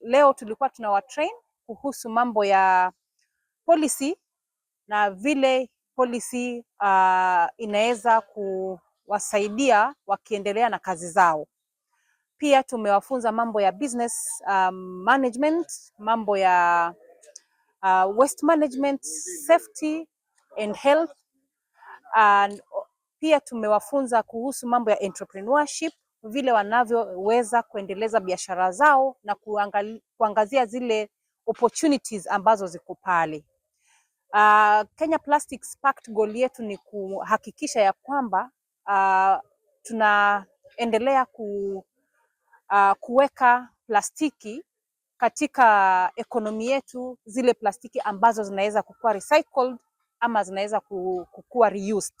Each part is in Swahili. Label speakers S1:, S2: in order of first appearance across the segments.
S1: leo tulikuwa tunawatrain kuhusu mambo ya policy na vile policy uh, inaweza kuwasaidia wakiendelea na kazi zao. Pia tumewafunza mambo ya business um, management, mambo ya uh, waste management, safety and health and pia tumewafunza kuhusu mambo ya entrepreneurship vile wanavyoweza kuendeleza biashara zao na kuangazia zile opportunities ambazo ziko pale. Uh, Kenya Plastics Pact goal yetu ni kuhakikisha ya kwamba uh, tunaendelea ku, uh, kuweka plastiki katika ekonomi yetu, zile plastiki ambazo zinaweza kukuwa recycled ama zinaweza kukua reused.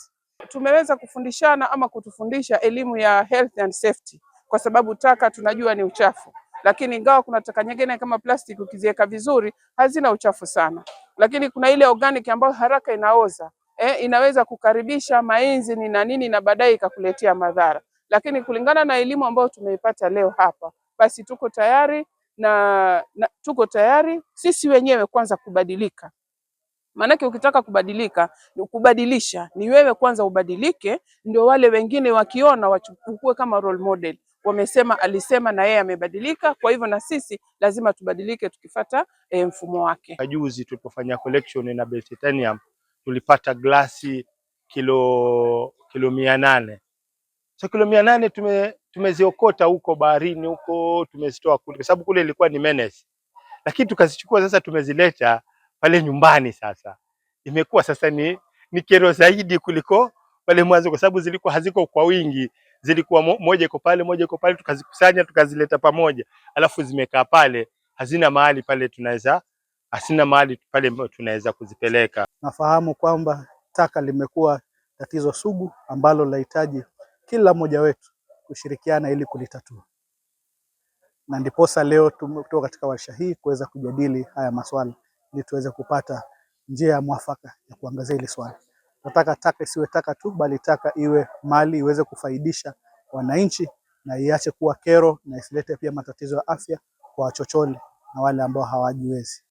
S2: Tumeweza kufundishana ama kutufundisha elimu ya health and safety, kwa sababu taka tunajua ni uchafu, lakini ingawa kuna taka nyingine kama plastiki ukiziweka vizuri hazina uchafu sana, lakini kuna ile organic ambayo haraka inaoza eh, inaweza kukaribisha mainzi ni na nini na baadaye ikakuletea madhara. Lakini kulingana na elimu ambayo tumeipata leo hapa, basi tuko tayari na, na tuko tayari sisi wenyewe kwanza kubadilika Maanake ukitaka kubadilika, kubadilisha ni wewe kwanza ubadilike, ndio wale wengine wakiona wachukue kama role model. Wamesema, alisema na yeye amebadilika, kwa hivyo na sisi lazima tubadilike tukifata e, mfumo wake.
S3: Juzi tulipofanya collection na Bell Titanium tulipata glasi kilo kilo mia nane so kilo mia nane tume tumeziokota huko baharini huko tumezitoa kule, kwa sababu kule ilikuwa ni menace, lakini tukazichukua sasa, tumezileta pale nyumbani. Sasa imekuwa sasa ni, ni kero zaidi kuliko pale mwanzo, kwa sababu zilikuwa haziko kwa wingi, zilikuwa moja iko pale, moja iko pale, tukazikusanya tukazileta pamoja, alafu zimekaa pale, hazina mahali pale tunaweza hasina mahali pale tunaweza kuzipeleka.
S4: Nafahamu kwamba taka limekuwa tatizo sugu ambalo linahitaji kila mmoja wetu kushirikiana ili kulitatua, na ndiposa leo tumetoka katika warsha hii kuweza kujadili haya maswala ili tuweze kupata njia ya mwafaka ya kuangazia hili swala. Nataka taka isiwe taka tu, bali taka iwe mali iweze kufaidisha wananchi na iache kuwa kero na isilete pia matatizo ya afya kwa wachochole na wale ambao hawajiwezi.